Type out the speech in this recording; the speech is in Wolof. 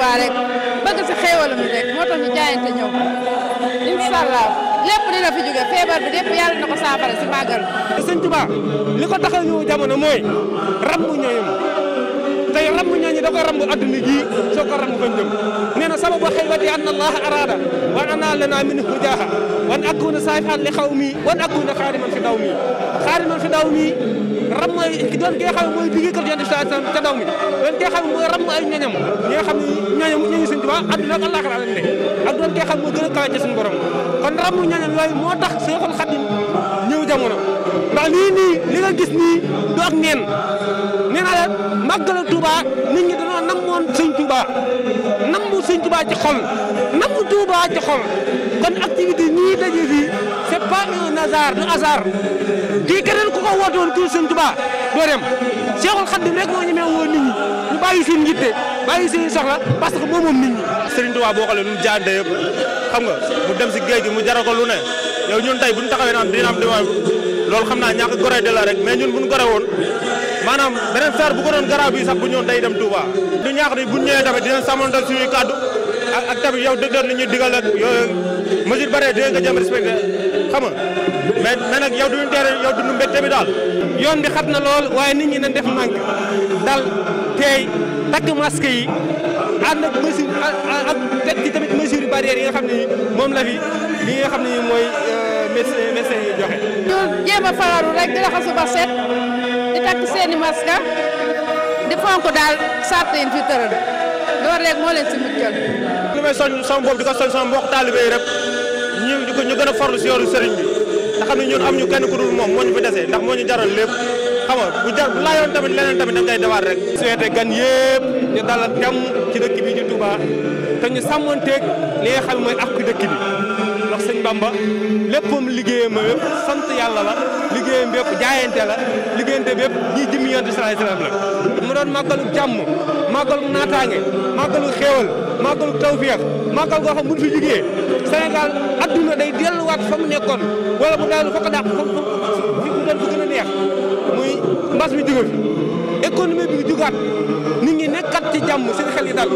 Touba rek bëgg si xéewalam rek moo tax ñu jaayante ñëw incha allah lépp dina fi jóge feebar bi lépp yàlla na ko saafara si màggal. sëñ Touba li ko tax a ñëw jamono mooy rambu ñooñam tey rambu ñooñu da koy rambu jii soo ko rambu bañ nee na sababu xelwati an allah arada wa ana lana min hujaaha wan akuna saafihan li xaw wan akuna xaariman fi xaariman fi ram doon ki nga xam ne mooy liggéeykat yonent bi sallallahu alayhi wasallam ca daw mi doon ki nga xam ne mooy ram ay ñoñam ñi nga xam ne ñoñam ñoñu Sëriñ Tuubaa àdduna ak doon ki nga xam ne moo gën a borom kon ram ñoñam yooyu moo tax Seexul Xadiim ñëw jamono ndax lii nii li nga gis nii du neen nee naa la màggal Touba nit ñi dañoo namoon Sëriñ Tuubaa namu Sëriñ Tuubaa ci xol namu Tuubaa ci xol kon activité ñii daje hasard du hasard di keneen ku ko woote woon kii Sëñ Tuubaa doo dem Seexul Xaddim rek moo ñemee woo nit ñi ñu bàyyi suñu yitte bàyyi suñu soxla parce que moom moom nit ñi. Sëriñ Tuubaa boo xoolee nu mu jaante xam nga mu dem si géej gi mu jaral ko lu ne yow ñun tey bu ñu taxawee naan dina am diwaan loolu xam naa ñàkk gore de la rek mais ñun bu ñu gore woon maanaam beneen fer bu ko doon garab yi sax bu ñëwoon day dem Touba. du ñaax ni bu ñu ñëwee tamit dinañ sàmmante suñuy kàddu ak yow dëgg-dëgg li ñuy digal ak yooyu mesure barrière dinañ ko mais mais nag yow duñu tere yow daal. yoon bi xat na lool waaye nit ñi na def manque dal tey takk masque yi ànd ak mesure ak teg ci tamit mesure barrière yi nga xam ne ni moom la fi li nga xam ni mooy médecin euh, médecin yi joxe. ñu jéem a fagaru rek di raxasu ba set di takk seeni masque di fonk daal sart yi fi tëral loolu rek moo leen si muccal. li may soñ sama bopp di ko soñ sama mbokk taalibe yi rek ñu gën a forlu si yoonu sëriñ bi. te xam ñoon am ñu kenn ku dul moom moo ñu fi desee ndax moo ñu jaral lépp xam nga bu jar bu laajoon tamit leneen tamit dañ koy dewaat rek. souhaité gan yëpp ñu dalal jàmm ci dëkk bi ñu Touba te ñu sàmmanteeg nee nga xam mooy ak dëkk bi ndax sëñ Bamba léppam liggéeyam lépp sont yàlla la. liggéeyam bépp jaayante la liggéeyante bépp ñi jëmm yonent salaay salaam la mu doon màggalu jàmm màggalu naataange màggalu xéewal màggalu tawféex màggal goo xam bu ñu fi liggéeyee Sénégal adduna day delluwaat fa mu nekkoon wala bu daal fa ko dàq fa fi mu doon fa gën a neex muy mbas mi jóge fi économie bi jugaat nit ñi nekkat ci jàmm seen xel yi dal